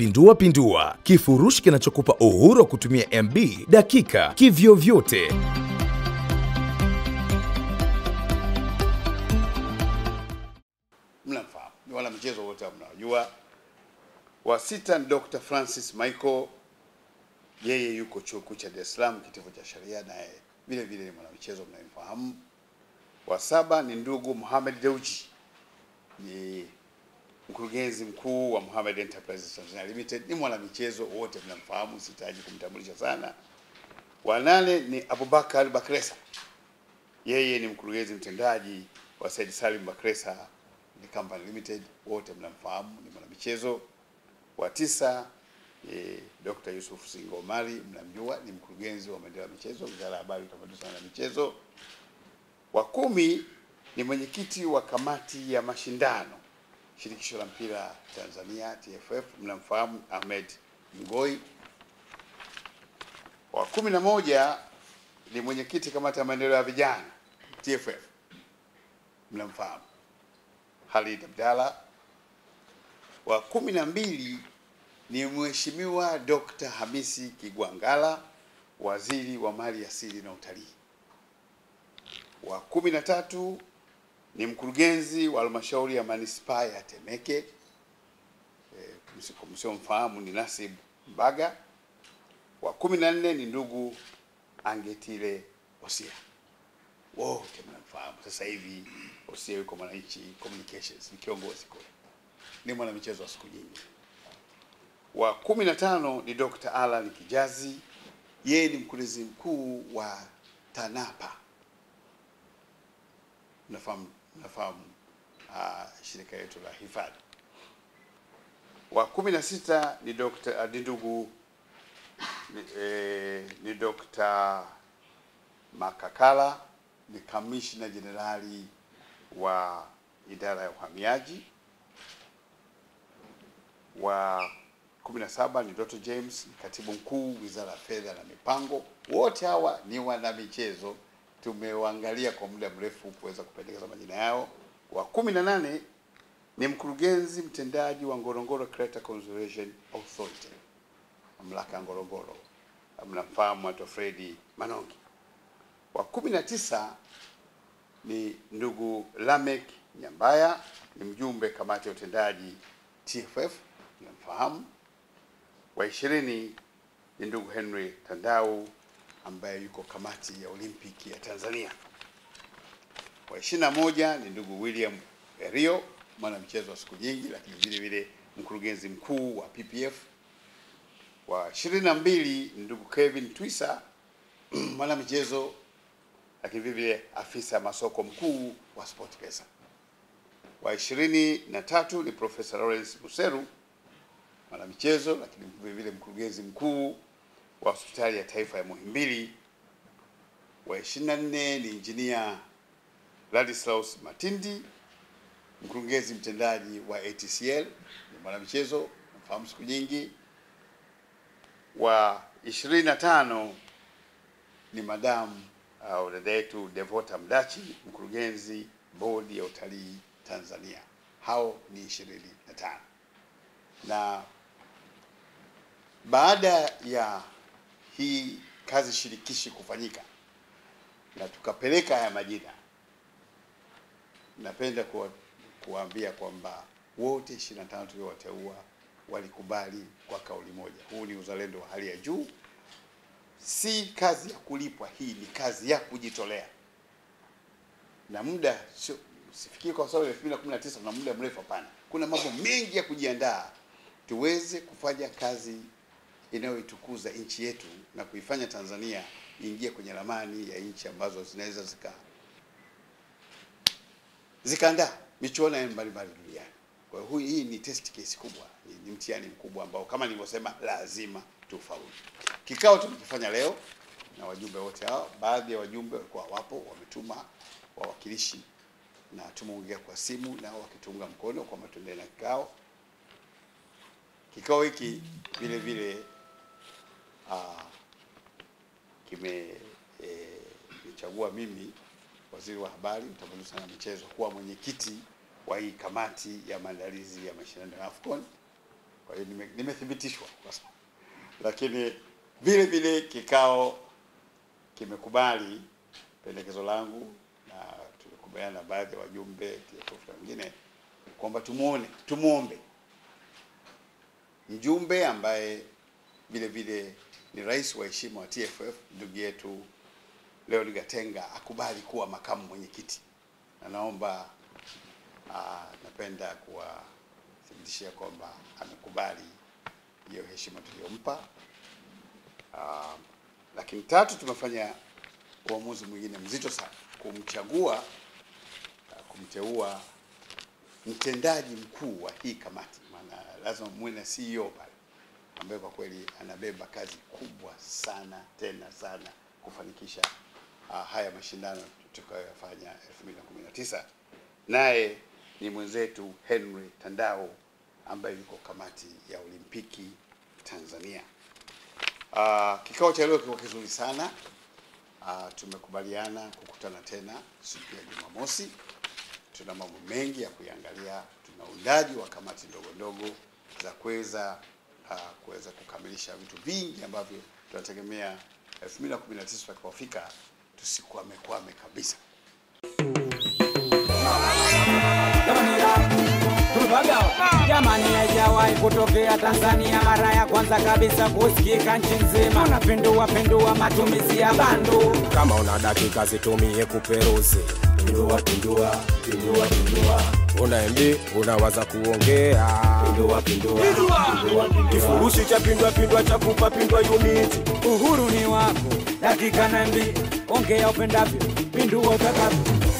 pindua pindua, kifurushi kinachokupa uhuru wa kutumia MB dakika kivyovyote. Mnamfahamu wala mchezo wote mnajua. Wa sita ni Dr. Francis Michael, yeye yuko chuo kikuu cha Dar es Salaam kitivo cha sheria, naye vile vile ni mwanamchezo mnayemfahamu. Wa saba ni ndugu Mohamed Deuji, Mkurugenzi mkuu wa Mohamed Enterprises Tanzania Limited ni mwanamichezo, wote mnamfahamu, sitaji kumtambulisha sana. Wa nane ni Abubakar Bakresa, yeye ni mkurugenzi mtendaji wa Said Salim Bakresa ni Company Limited, wote mnamfahamu, ni mwanamichezo. Wa tisa ni Dr. Yusuf Singo Omari, mnamjua, ni mkurugenzi wa maendeleo ya michezo, Wizara ya Habari, Utamaduni, Sanaa na Michezo. Wa kumi ni mwenyekiti wa kamati ya mashindano shirikisho la mpira Tanzania TFF, mnamfahamu Ahmed Mgoi. Wa kumi na moja ni mwenyekiti kamati ya maendeleo ya vijana TFF, mnamfahamu Halid Abdalla. Wa kumi na mbili ni Mheshimiwa Dr. Hamisi Kigwangala, waziri wa mali asili na utalii. Wa kumi na tatu ni mkurugenzi wa halmashauri ya manispaa ya Temeke. E, eh, msiomfahamu ni Nasib Mbaga. Wa kumi na nne ni ndugu Angetile Osia. Wote mnamfahamu sasa hivi. Osia yuko Mwananchi Communications, ni kiongozi kule, ni mwanamichezo wa siku nyingi. Wa kumi na tano ni Dr. Alan Kijazi, yeye ni mkurugenzi mkuu wa TANAPA nafahamu nafahamu uh, shirika letu la hifadhi. Wa kumi na sita ni Dr. Ah, ni ni, eh, ni Dr. Makakala ni kamishna jenerali wa idara ya uhamiaji. Wa 17 ni Dr. James, katibu mkuu wizara ya fedha na mipango. Wote hawa ni wana michezo tumewaangalia kwa muda mrefu kuweza kupendekeza majina yao. Wa kumi na nane ni mkurugenzi mtendaji wa Ngorongoro Crater Conservation Authority, mamlaka ya Ngorongoro. Mnamfahamu hata Fredi Manongi. Wa kumi na tisa ni ndugu Lamek Nyambaya, ni mjumbe kamati ya utendaji TFF, mnamfahamu. Wa ishirini ni ndugu Henry Tandau ambaye yuko kamati ya Olimpiki ya Tanzania. Wa ishirini na moja ni ndugu William Erio, mwana mchezo wa siku nyingi, lakini vile vile mkurugenzi mkuu wa PPF. Wa ishirini na mbili ni ndugu Kevin Twisa, mwana michezo lakini vile vile afisa masoko mkuu wa SportPesa. Wa ishirini na tatu ni Profesa Lawrence Museru, mwanamichezo lakini vile vile mkurugenzi mkuu wa hospitali ya taifa ya Muhimbili wa 24 ni injinia Ladislaus Matindi, mkurugenzi mtendaji wa ATCL, ni mwanamichezo nafahamu siku nyingi. Wa 25 ni madamu uh, dada yetu Devota Mdachi, mkurugenzi bodi ya utalii Tanzania. Hao ni 25 na baada ya hii kazi shirikishi kufanyika na tukapeleka haya majina. Napenda kuwaambia kwamba wote 25 tuliowateua walikubali kwa kauli moja. Huu ni uzalendo wa hali ya juu, si kazi ya kulipwa, hii ni kazi ya kujitolea na muda sio sifikiri kwa sababu 2019 na muda mrefu, hapana. Kuna mambo mengi ya kujiandaa tuweze kufanya kazi inayoitukuza nchi yetu na kuifanya Tanzania iingie kwenye ramani ya nchi ambazo zinaweza zika zikaandaa michuano ya mbalimbali duniani. Kwa hiyo hii ni test case kubwa, ni, ni mtihani mkubwa ambao kama nilivyosema lazima tufaulu. Kikao tulikifanya leo na wajumbe wote hao, baadhi ya wajumbe walikuwa wapo, wametuma wawakilishi na tumeongea kwa simu na wakitunga mkono kwa tuendelee na kikao. Kikao hiki vile vile kimenichagua e, mimi waziri wa habari, utamaduni na michezo kuwa mwenyekiti wa hii kamati ya maandalizi ya mashindano ya AFCON. Kwa hiyo nimethibitishwa nime, lakini vile vile kikao kimekubali pendekezo langu na tumekubaliana na baadhi ya wajumbe na wengine kwamba tumuone tumuombe mjumbe ambaye vile vile ni rais wa heshima wa TFF ndugu yetu Leon Gatenga akubali kuwa makamu mwenyekiti, na naomba aa, ah, napenda kuwathibitishia kwamba amekubali hiyo heshima tuliyompa. Ah, lakini tatu, tumefanya uamuzi mwingine mzito sana kumchagua ah, kumteua mtendaji mkuu wa hii kamati, maana lazima muwe na CEO pale ambaye kwa kweli anabeba kazi kubwa sana tena sana kufanikisha uh, haya mashindano tutakayoyafanya 2019. Naye ni mwenzetu Henry Tandao ambaye yuko kamati ya Olimpiki Tanzania. Uh, kikao cha leo kiko kizuri sana. Uh, tumekubaliana kukutana tena siku ya Jumamosi. Tuna mambo mengi ya kuiangalia. Tuna undaji wa kamati ndogo ndogo za kuweza uh, kuweza kukamilisha vitu vingi ambavyo tunategemea 2019 tutakapofika tusikwame kwame kabisa. Jamani, haijawahi kutokea Tanzania, mara ya kwanza kabisa kusikika nchi nzima. Unapindua pindua matumizi ya bandu. Kama una dakika zitumie kuperuzi, pindua una unawaza kuongea kifurushi cha pindwapindwa pindua cha kupa pindua unit. Uhuru ni wako, dakika na ongea upendavyo, pindua utakavyo